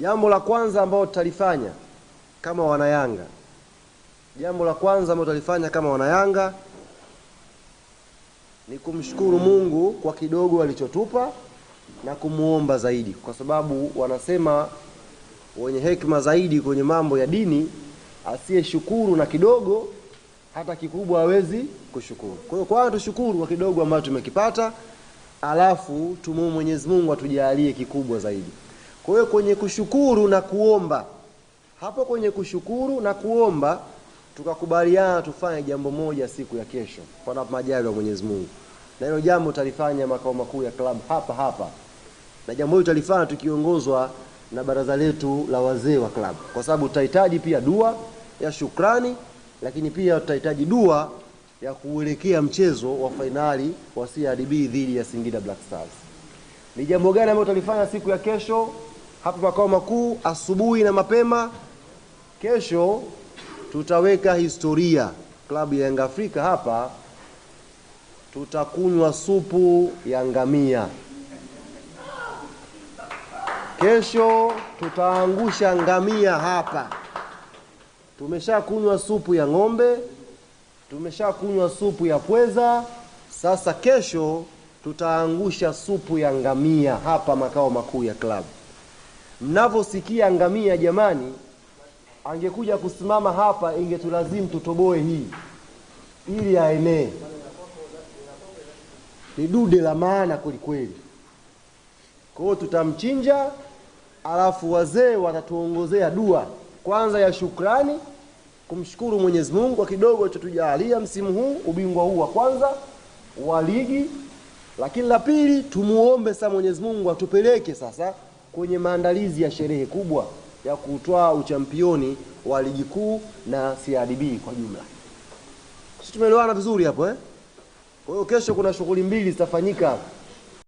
Jambo la kwanza ambalo tutalifanya kama wanayanga, jambo la kwanza ambalo tutalifanya kama wanayanga ni kumshukuru Mungu kwa kidogo alichotupa na kumuomba zaidi, kwa sababu wanasema wenye hekima zaidi kwenye mambo ya dini, asiyeshukuru na kidogo hata kikubwa hawezi kushukuru. Kwa hiyo kwanza tushukuru kwa kidogo ambacho tumekipata, alafu tumuombe Mwenyezi Mungu atujalie kikubwa zaidi. Kwa hiyo kwenye kushukuru na kuomba, hapo kwenye kushukuru na kuomba tukakubaliana tufanye jambo moja siku ya kesho, kwa majali wa Mwenyezi Mungu, na hilo jambo utalifanya makao makuu ya klabu hapa hapa, na jambo hilo utalifanya tukiongozwa na baraza letu la wazee wa klabu, kwa sababu tutahitaji pia dua ya shukrani, lakini pia tutahitaji dua ya kuelekea mchezo wa fainali wa CRDB dhidi ya Singida Black Stars. Ni jambo gani ambalo utalifanya siku ya kesho hapa makao makuu asubuhi na mapema? Kesho tutaweka historia, klabu ya Yanga Afrika hapa tutakunywa supu ya ngamia. Kesho tutaangusha ngamia hapa. Tumeshakunywa supu ya ng'ombe, tumeshakunywa supu ya pweza. Sasa kesho tutaangusha supu ya ngamia hapa makao makuu ya klabu. Mnavyosikia ngamia, jamani, angekuja kusimama hapa ingetulazimu tutoboe hii ili aenee. Ni dude la maana kwelikweli. Kwa hiyo tutamchinja, alafu wazee watatuongozea dua kwanza ya shukrani, kumshukuru Mwenyezi Mungu kwa kidogo alichotujalia msimu huu, ubingwa huu wa kwanza wa ligi lakini la pili, tumuombe sasa Mwenyezi Mungu atupeleke sasa kwenye maandalizi ya sherehe kubwa ya kutwaa uchampioni wa ligi kuu na CRDB kwa jumla. Sisi tumeelewana vizuri hapo eh? Kwa hiyo kesho kuna shughuli mbili zitafanyika